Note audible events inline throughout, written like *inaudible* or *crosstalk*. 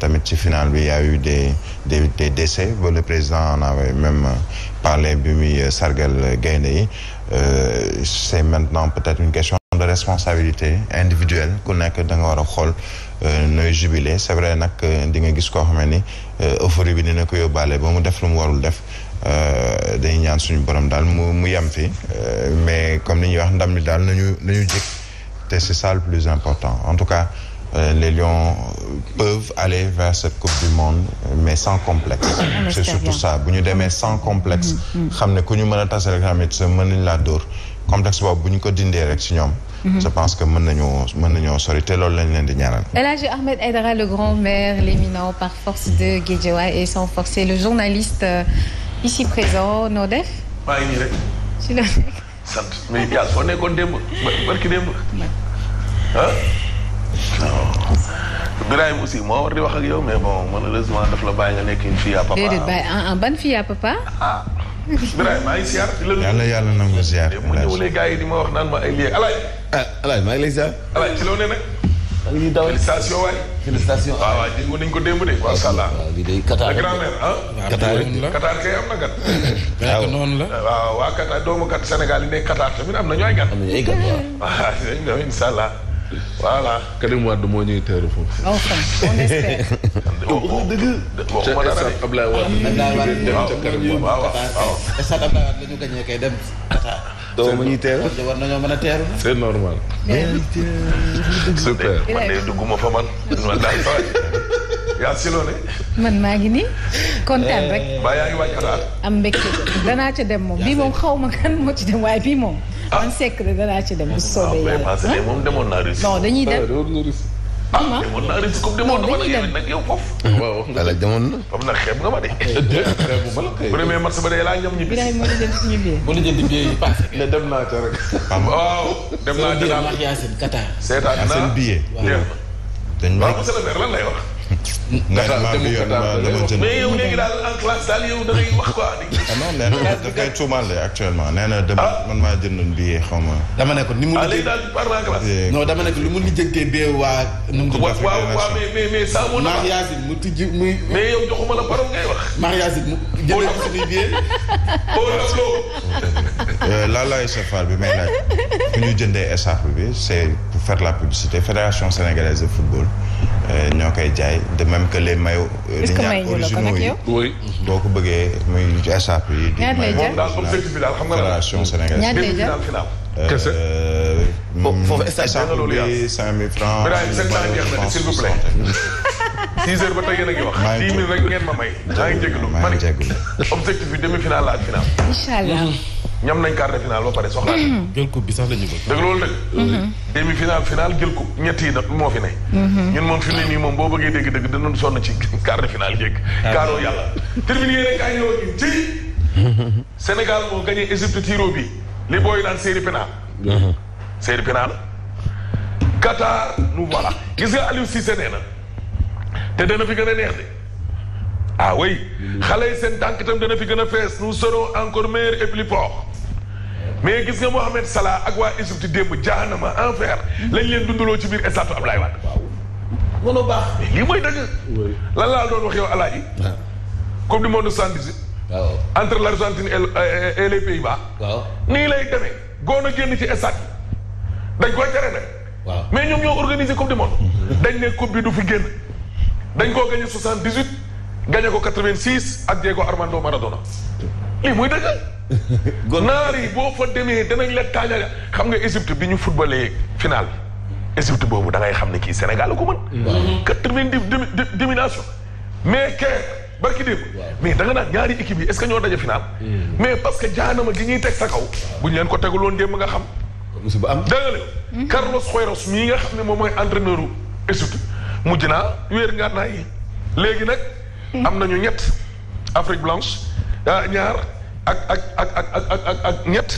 tamit ci final bi y a eu des des des ba le président en avait même euh, parlé bi muy euh, sargal gaynde yi euh, c'est maintenant peut-être une question de responsabilité individuelle ku nekk da nga war a xool nooy jubilé c'est vrai nag di nga gis koo xam ni euphorie bi dina ko yóbbaale ba mu def lu mu warul def day ñaan suñu borom daal mu mu yem fi mais comme ni ñuy wax ndam li daal nañu nañu jik te c'est ça le plus important en tout cas Euh, les Lions euh, peuvent aller vers cette Coupe du Monde euh, mais sans complexe. Ah, ah, c'est surtout ça bu ñu demee sans mm, complexe. Mm, mm. xam ne ku ñu mën a tase rek tamit sa mën nañ laa complexe boobu bu ñu ko dindee rek si ñoom. Mm-hmm. je pense que mën nañoo mën nañoo sori te loolu lañ leen di ñaanal. El Hadj Ahmed Aïdara le grand-maire l'éminent par force de Guédiawaye et sans forcer le journaliste ici présent noo *laughs* Birahim aussi moo war di wax ak yow mais bon malheureusement daf la bàyyi nga nekk une fille à papa. déedéet bàyyi ah ban fille à papa. na ah. nga ziar. mu ñëwalee gars yi di ma wax naan ma ay lii alaaj. ah alaaj maa ngi lay ziar. alaaj ci loo ne nag. maa ngi dawal félicitation waay. félicitation ah, waaw waaw dégg nañ ko démb de. macha allah waaw ah, lii day Qatar la grand-mère ah. Qatar i kay am na gan. *laughs* waaw noonu la. waaw waa Qatar doomu kat Sénégal yi nekk Qatar tamit am na ñu ay gan. am na ñu ay gan waaw. *laughs* waaw voilà Karim Wade moo ñuy teeru foofu. enfin on espère. *laughs* dëgg. Ablaye Wade dem ca Karim Wade stade Ablaye Wade la ñu gañee kay dem Qatar. doo ma ñuy teeru war nañoo mën a teeru. c'est normal. super man de dugguma fa man. yaa si loo ne. man maa ngi nii kontaan rek. Eh, ba yaa ngi waaj Qatar. am mbégte danaa ca dem moom bii moom xaw ma kan moo ci dem waaye bii moom. Ah. Ah, man sekk de danaa ci dem bu soobee yàlla. moom demoon naa Russie. non dañuy dem ah demoon naa Russie comme demoon na ma nag yow foofu. waaw ala demoon na. xam na xeeb nga ma de. bu demee marché ba de laa ñoom ñu. Birame moo leen jënd billet. moo leen jënd billet yi *laughs* paase. ne dem naa ca rek. *laughs* waaw dem naa ca daal seen billet wax Yacine Qatar. seetaan naa seen billet. waaw dañ ma waaw monsieur le maire lan lay wax. Kataar demul Kataar mais yow léegi daal en classe daal yow da ngay wax quoi. Ah non nee na *laughs* da koy tuumaale actuellement ah. dama ne ko ni mu. ah léegi daal waa. nu mu tudd waaw waaw mais na mu tijji muy. mais yow joxuma la parole ngay wax. mariage mu jëndee ko suñuy billet. boo lafloo. laalaay safaar bi may laaj. fu ñu jëndee écharpe bi c'est pour faire la publicité fédération sénégalaise de Euh, ñoo koy jaay de même que les maillots. Euh, est-ce que may ñu la ko nag yow oui. boo ko bëggee muy ci échappe yi. ñaar lay jar fédération sénégalaise. ñaar lay jar kese. Euh, foofu échappe mm, bi 5000 francs. s'il vous plaît. 10 heures ba tey yéen a ngi wax. maa ngi jégalu 10 000 rek ngeen ma may. maa ngi jégalu maa ngi jégalu objectif bi demi-finale la ak finale. incha allah. ñam nañ quart de finale ba pare soxlaa *clears throat* jël coupe bi sax la ñu bëgg dëgg loolu dëgg mm-hmm. demi finale finale jël coupe ñett yi moo fi ne mm-hmm. moom fi mu ne nii moom boo bëggee dégg dëgg dinañ sonn ci *laughs* quart de finale jéeg ah. kaaroo yàlla terminé yéene ñëw ñi ci Sénégal moo gagné Égypte tiro bi li booy daan série pénal mm-hmm. série pénal voilà gis nga Aliou Cissé nee na te dana fi gën a neex de ah oui xale yi seen tànk itam dana fi gën a fees nous serons encore meilleurs et plus forts mais gis nga Mohamed Salah ak waa Égypte démb jahanama enfer lañ leen dundaloo ci biir estatu Ablaye Wade. waaw loolu baax. lii mooy dëgg. lan laa doon wax yow alaaji. Ah. waaw coupe du monde soixante dix waaw entre l' Argentine et les pays nii lay demee. góor na génn ci estade dañ koy tere nag. waaw mais ñoom ñoo organisé coupe du monde. Mm-hmm. dañ ne coupe bi du fi génn. dañ koo gagné soixante dix huit gagné ko quatre vingt six ak Diego Armando Maradona lii muy dëgg. *laughs* naar yi boo fa demee danañ la taajal xam nga Égypte bi ñu footballé final Égypte boobu da ngay xam ne kii Sénégal la ko mën. Mm-hmm. quatre-vingt-dix domination. mais keer barki démb. mais da naat ñaari équipe yi est ce que ñoo daje final. Mm. mais parce que jaanama gi ñuy teg sa kaw. buñ leen ko tegaloon démb nga xam. musiba am dégg mm-hmm. Carlos Queiroz mii nga xam ne moom mooy entraîneur u mujj naa wéer ngaa naa yi léegi nag. Mm. am nañu ñett Afrique blanche ah, ñaar. ak ak ak ak ak ak ak ñett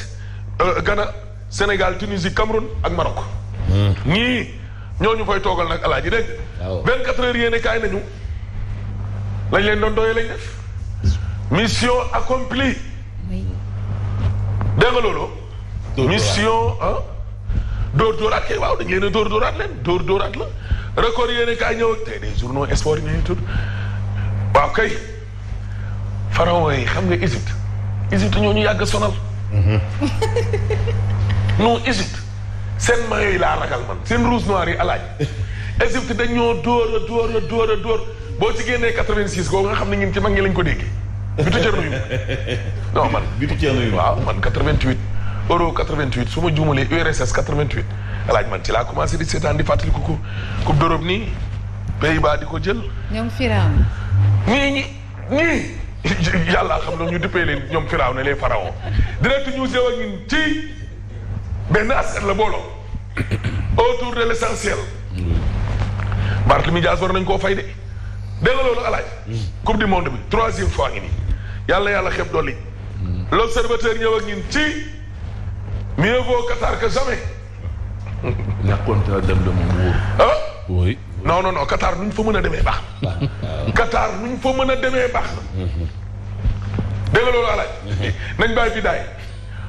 euh, Ghana Sénégal Tunisie Cameroun ak Maroc. Hmm. ñii ñoo ñu fay toogal nag alaaji dégg. waaw 24 heures yéene kaay nañu lañ leen doon doyee lañ def. mission accomplie. dégg nga loolu. mission dóor dóoraat kay waaw dañ leen a dóor dóoraat leen dóor dóoraat la. record yéene kaay ñëw ak tey des journaux sport yi ñu tudd waaw kay pharaon yi xam nga Égypte. Égypte ñoo ñu yàgg sonal. Mhm. *laughs* non Égypte seen mayo yi laa ragal man seen rouge noir yi alaaj Égypte *laughs* dañoo dóor a dóor a dóor a dóor boo ci génnee 86 koo nga xam ne ñun ci mag ñi lañ ko déggee. bitu cërno yu *laughs* man bitu cërno yu waaw man 88 euro 88 su ma juumalee URSS 88 alaaj man ci laa commencé di seetaan di fàttaliku ko coupe d'Europe nii Pays-Bas di ko jël. ñoom Firam. nii ñi nii. *coughs* yàlla xam na ñu dippee leen ñoom firaaw ne les pharaons direct ñu sew ak ñun ci benn askan la booloo *coughs* autour de l' essentiel. Mm. Barthélemy war nañ koo fay de dégg nga loolu alaaj mm. coupe du monde bi troisième fois ngi nii yàlla yàlla xeeb dolli. Mm. l' observateur ñëw ak ci mieux vaut Qatar que jamais. ñàkkoon dem la mu wóor. ah non non non Qatar nu ñu fa mën a demee baax na. *laughs* Qatar nu ñu fa mën a demee baax na. dégg nga loolu alaaj *laughs* nañ bàyyi bi daay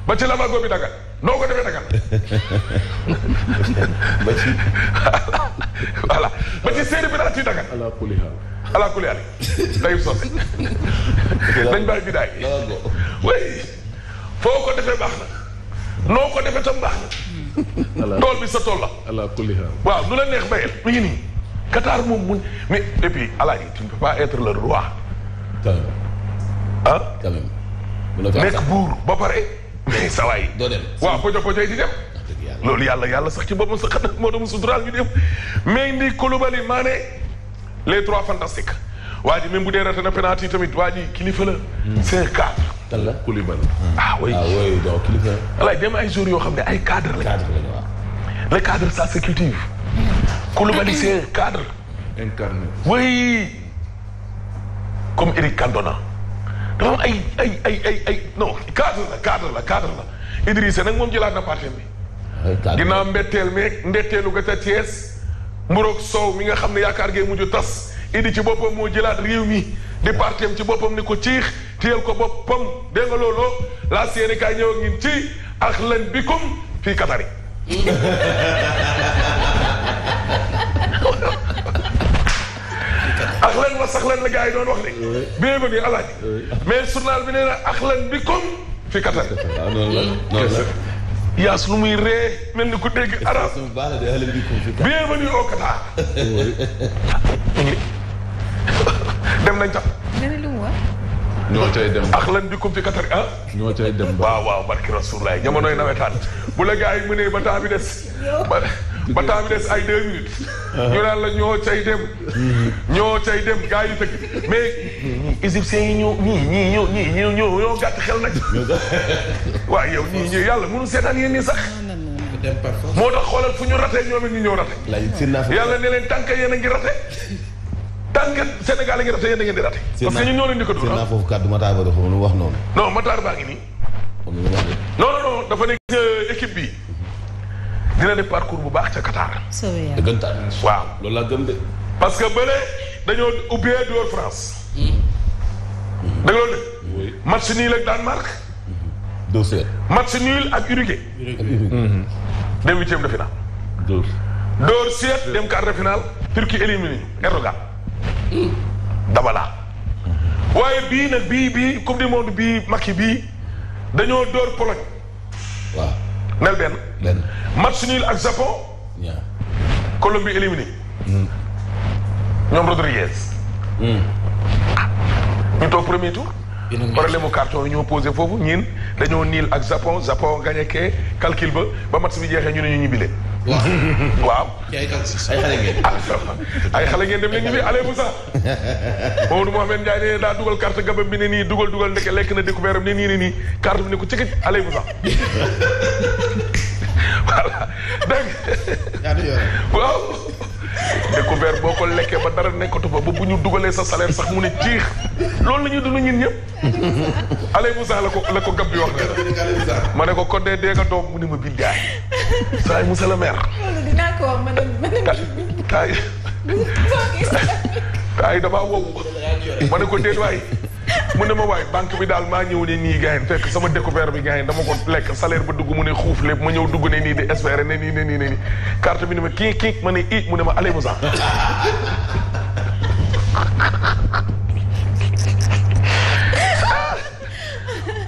ba ci lavago bi dagal noo ko defee dagal. *laughs* ba ci. voilà ba ci séeréer bi daal ci dagal. ala kulli haal ala kulli haal dayib soose. nañ bàyyi bi daay. way foo ko defee baax na noo ko defee tam baax na. tool bi sa tool la. ala kulli haal waaw nu la neex bayel mi ngi nii. Qatar moom mun mais depuis Alaaji tu ne peux pas être le roi. ah. quand même nekk buur ba pare. mais saa waay. doo dem yi di dem. Ah, loolu yàlla yàlla sax ci boppam sa xanaa moo doon suturaal ñu dem mais ndi Koulibaly le les trois fantastiques waa ji même bu dee raté na tamit waa ji kilifa la. Hmm. c'est cadre. kan la Koulibaly. ah oui ah, kilifa. walaay dem ay jours yoo xam ne ay cadre la. la waaw. le Koulibaly c'est un cadre. incarné. oui comme Eric Cantona. dafa am ay ay ay ay ay non cadre la cadre la cadre la Idrissa nag moom jëlaat na parti bi. dinaa mbetteel meeg ndetteelu ga ca Thiès. Mburoog Sow mi nga xam ne yaakaar gee mujj tas Idi ci boppam moo jëlaat réew mi di partem ci boppam ni ko ciix téyel ko boppam dégg nga loolu laa séenikaay ñëw ak ñun ci ak bikum fii Katari. *laughs* ax lan wa sax lan la gars yi doon wax de. bienvenue alaaji mais journal bi nee na ax lan bi comme fi Qatar. Ah, yaas lu muy ree mel ni ku dégg arab bienvenue au Qatar. *laughs* dem nañ tam. ñoo cay dem ak lan bi comme fi Qatar ah. ñoo cay dem waaw waaw barki rasulilah jamonoy nawetaan bu la gars yi mënee ba temps bi des. ba temps bi des ay deux minutes. ñu naan la ñoo cay dem. ñoo cay dem gars yi mais. égyptiens yi ñoo ñii ñii ñoo ñii ñoo ñoo ñoo gàtt xel nag. waaw yow ñii ñii yàlla mënu seetaan yéen ñi sax. moo tax xoolal fu ñu ratee ñoom it ñu ñëw rate. yàlla ne leen tànk yéen a ngi rate. tànk Sénégal a ngi rate yéen a ngeen di rate. parce que ñun ñoo leen di ko dund. seen ah. naa foofu kàddu Matar Ba dafa wax noonu. non Matar baa ngi nii. non non non dafa ne dina def parcours bu baax ca Qatar. dëggantaan waaw loolu laa parce que bële dañoo ubbee door France. Hmm. dëgg loolu de. match nul ak Danemark. Hmm. match nul ak Uruguay. Hmm. dem huitième de finale. door door seet dem quart de finale. Turquie éliminé Erdogan. Dabala. waaye bii nag bii bii coupe du monde bii Macky bii dañoo door Pologne. nel benn. benn match nul ak Japon. ñaar Colombie éliminé. Hmm. ñoom Rodriguez. Hmm. Ah. ñu toog premier tour. problème mu carton yi ñoo posé foofu ñin dañoo niil ak Japon Japon gagné kee calcul ba ba match bi jeexee ñu ne ñu ñibbi leen waaw. ay xale ngeen. Ah, ay xale ngeen dem ne ñu ne Allé Moussa. *laughs* Maodo Mouhamed Ndiaye nee daa dugal carte gabam bi ne nii dugal dugal ndeke lekk na découvert am ne nii ne nii carte bi ne ko cëkk Allé Moussa. *laughs* voilà dégg waaw. découvert boo ko lekkee ba dara nekkatu fa ba bu ñu dugalee sa salaire sax mu ne ciix loolu la ñuy dund ñun ñëpp. *laughs* Allé Moussa la ko la ko gab bi wax. ma ne ko kon dee dee mu ne ma billaay. saa yi monsieur le taay dama wow ma ne ko déet waay mu ne ma waay banque bi daal maa ñëw ne nii gars yi fekk sama bi gars yi dama lekk salaire dugg mu ne xuuf ñëw dugg ne nii di espérer ne nii ne nii ma kii kii ma ne i mu ma allez Moussa *laughs*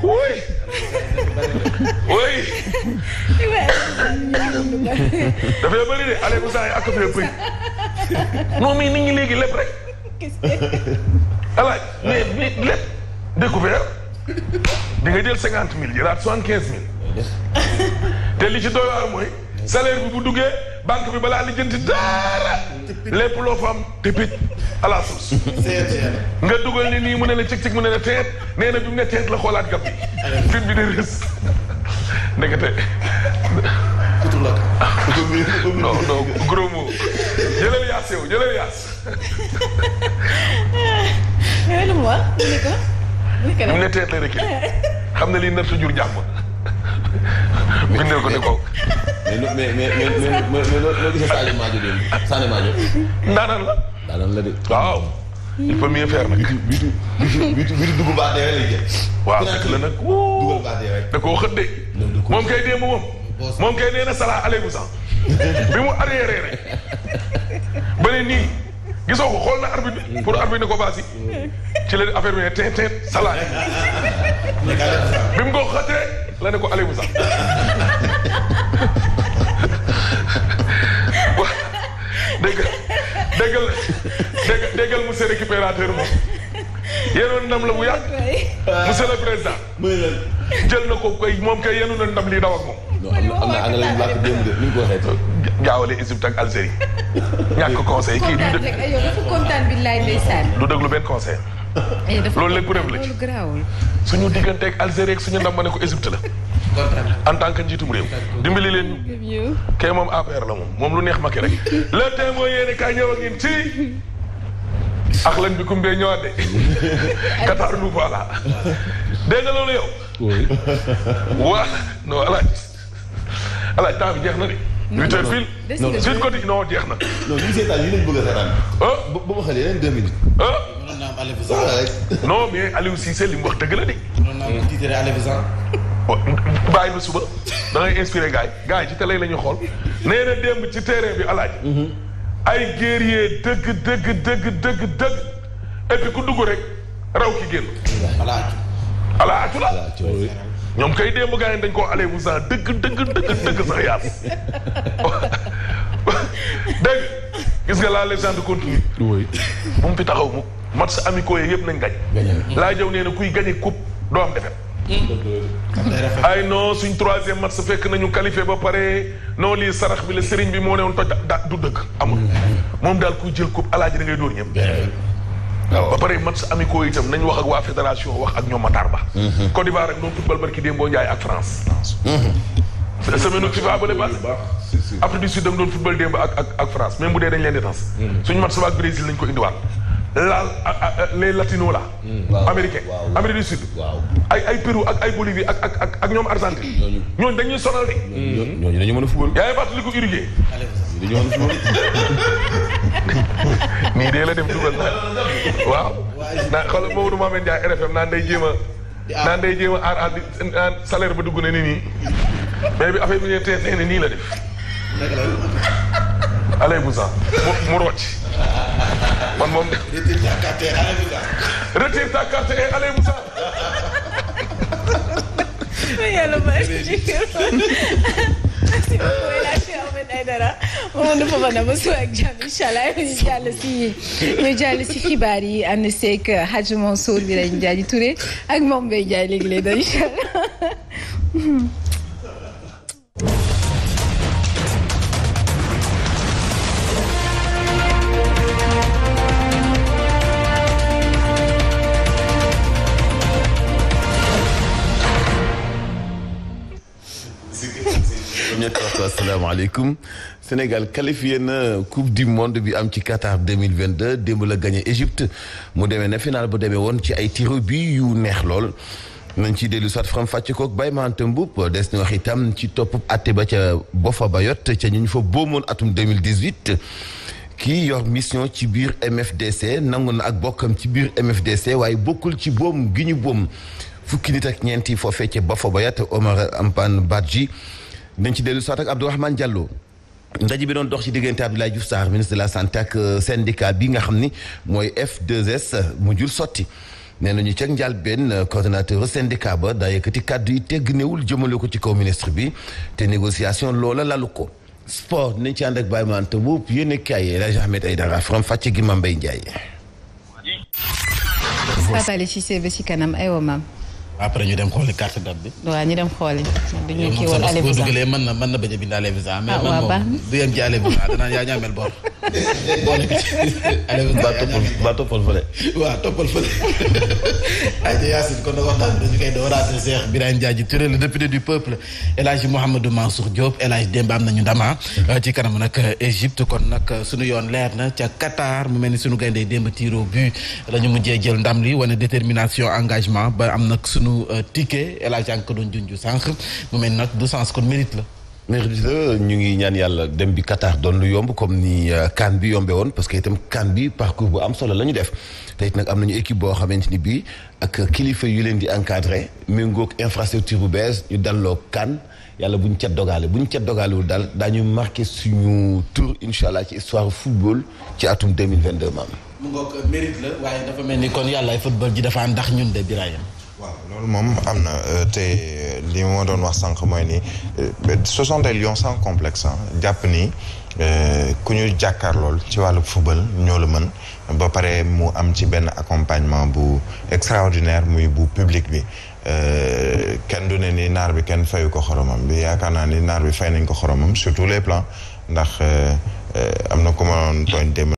woy *laughs* dafay bëri de allez vous en ak fee prix *laughs* non mais nit ñi léegi lépp rek. alaaj ah mais bi lépp découvert di nga jël cinquante mille jëlaat soixante quinze mille. *laughs* te li ci doy waar mooy salaire bi bu duggee banque bi balaa lijjanti dara lépp loo fa am tépit à la source. nga dugal ni nii mu ne la cig cig mu ne la teet na bi mu ne teet la xoolaat gab bi. fin bi de rës ndekete. non non gros mot jëlal yaas yow jëlal yaas. lu mu wax mu ne ko. mu ne ko mu ne teet la rek xam na lii nar sa jur jàmm. bindal ko ne ko. mais mais mais mais mais loo gisee Sadio Madio démb Sadio Madio. ndaanaan la. ndaanaan la de. waaw. il faut mieux faire nag. bitu bitu bitu bitu dugub baax dee lay jël. waaw fekk la nag wuu. dugal baax dee rek. da koo xëddee. moom kay démb moom. moom kay nee na sala aleykum salaam. bi mu arrière rek ba ne nii gisoo ko xool na arbitre bi pour ko baasi ci la affaire bi ne teet teet salaat bi mu ko xatee la ne ko Aliou Moussa dégg déggal déggal récupérateur moom yenoon ndam la bu yàgg. monsieur le président. jël na ko koy moom kay yenu na ndam lii daw ak moom. am na am na la ñu démb de ni ñu ko waxee. jaawale ak Algérie. ñàkk conseil kii du de dafa kontaan bi laay ndeysaan du déglu benn conseil. Eh, loolu lépp preuve la ci suñu diggante ak Algérie ak suñu ndam ma ne ko Égypte la. en tant que njiitum réew. dimbali leen ñu. kay moom APR la moom moom lu neex Macky rek. le temps mooy yéen a kaay ñëw ak ak lan bi kum dee de *laughs* Qatar nous voilà de nga loolu yow. *laughs* waa non El Hadj El Hadj temps bi jeex na de. huit heures pile. non non Sud jeex na. non ñu seetaan yi lañ bëgg a seetaan. ah ba ba ma xale yeneen deux minutes. ah. mën naa suba da ngay inspiré gars yi gars yi la ñu xool nee na démb bi El Hadj. Mm-hmm. ay guerrier dëgg dëgg dëgg dëgg dëgg et dugg rek raw ki ñoom kay dañ koo alee dëgg dëgg dëgg dëgg sax yàlla *laughs* dégg gis nga la légende continue moom fi taxaw mu match amicaux yi yëpp nañ gañ laa jaw nee kuy gañe coupe doo am defet ay non suñ troisième match fekk nañu qualifié ba pare non lii sarax bi la sëriñ bi moo ne woon toj da du dëkk amul moom daal kuy jël coupe alaaji da ngay dóor ñëpp ah ba pare match amicaux itam nañu wax ak waa fédération wax ak ñoom Matar Ba mm-hmm. Côte d'Ivoire rek doon football barki Dembo Ndiaye ak France mm-hmm. semaine FIFA ba le baax Afrique du Sud da nga doon football démb ak ak France même bu dee dañ leen di tas mm-hmm. suñu match ba ak Brésil nañ ko indiwaat la les latinos là. Mm, waaw américain Amérique du ay ay ak ay Bolivie ak ak ak ak ñoom Argentine. ñooñu dañuy sonal de. ñooñu dañu mën a football. yaa ngi ko Uruguay. dañu mën a *laughs* nii dee la def dugal na waaw. naa xoolal Maodo Mouhamed Ndiaye RFM naan day jéem a. naan day jéem a ba dugg na nii. mais bi affaire bi ñu ne nii la def. dëgg la. allez man moom. retire ta carte et allez Moussa. retire ta carte et allez Moussa. yàlla baax merci beaucoup El Hadj Ahmed Aidara Mamadou Fofana ba suba ak jàmm incha allah ñu jàll si ñu jàll si xibaar yi ànd seeg Hadj Mansour bi lañ jaaji Touré ak moom Mbaye Ndiaye léegi-léegi incha allah. asalaamaaleykum Sénégal qualifié na coupe du monde bi am ci Qatar 2022 démb la gagné Égypte mu demee na final bu demee woon ci ay tiro bi yu neex lool nañ ci dellu soit faram fàcce koog Baye Mante Mboup des na wax itam ci topp atte ba ca Bofa Bayot ca ñu fa boomoon atum 2018 kii yor mission ci biir MFDC nangu na ak bokkam ci biir MFDC waaye bokkul ci boom gi ñu boom fukki nit ak ñeenti foofee ca Bofa Bayot Omar Ampane Badji dañ ci dellu soit ak Abdourahmane Diallo. ndaje bi doon dox ci diggante Abdoulaye Diouf Sarr ministre de la santé ak euh, syndicat bi nga xam ni mooy F2S mu jur sotti nee nañu ceeg njaal benn euh, coordonnateur syndicat ba daa yëkkati kàddu yi tegg néewul jëmale ko ci kaw ministre bi te négociation loola lalu ko sport nañ ci ànd ak Baye Mante Mboup yéen a kaay rajo Ahmed Aïdara Faram Fàcce gi Mame Mbaye Ndiaye. Fatali Cissé ba ci kanam aywa maam. après ñu dem xooli carte d'identité bi. waaw ñu dem xooli. du mën na mën na bañ a bind ale visa. mais ah, man moom du yem ci ale ale visa baa toppal baa toppal fële. toppal fële. ayca *laughs* Yacine kon nag waxtaan bi dañu koy dooraate Cheikh Birahim député du peuple El Hadj Mouhamadou Mansour Diop El Hadj Demba am nañu ndama mm-hmm. ci kanam nag Égypte kon nag suñu yoon leer na ca Qatar mu mel ni suñu gayndee démb tiro bu la mujjee jël ndam li wane détermination engagement ba am nag sunu euh, ticket El Hadj ko doon junj sànq mu mel nag du sens kon mérite la. mérite la ñu ngi ñaan yàlla dem bi Qatar doon lu yomb comme ni euh, CAN bi yombe woon parce que itam CAN bi parcours bu am solo la def te nag am nañu équipe boo xamante ni bii ak kilifa yu leen di encadré méngoog infrastructure bu bees ñu dalloo CAN yàlla buñ ñu dogalee dogaale bu ñu ca dogaalewul daal daañu marqué suñu tour incha allah ci histoire football ci atum 2022 maam. mu ngoog mérite la waaye dafa kon yàlla football ji dafa ndax ñun de waaw loolu moom am na euh, te li ma doon wax sànq mooy nii euh, ce sont des lions jàpp ni euh, ku ñu jàkkaar lool ci wàllu football ñoo la mën ba pare mu am ci benn accompagnement bu extraordinaire muy bu public bi kenn du ne nii naar bi kenn fayu ko xoromam bi yaakaar naa ni naar bi fay nañ ko xoromam sur tous les plans ndax am na ku ma doon tooñ démb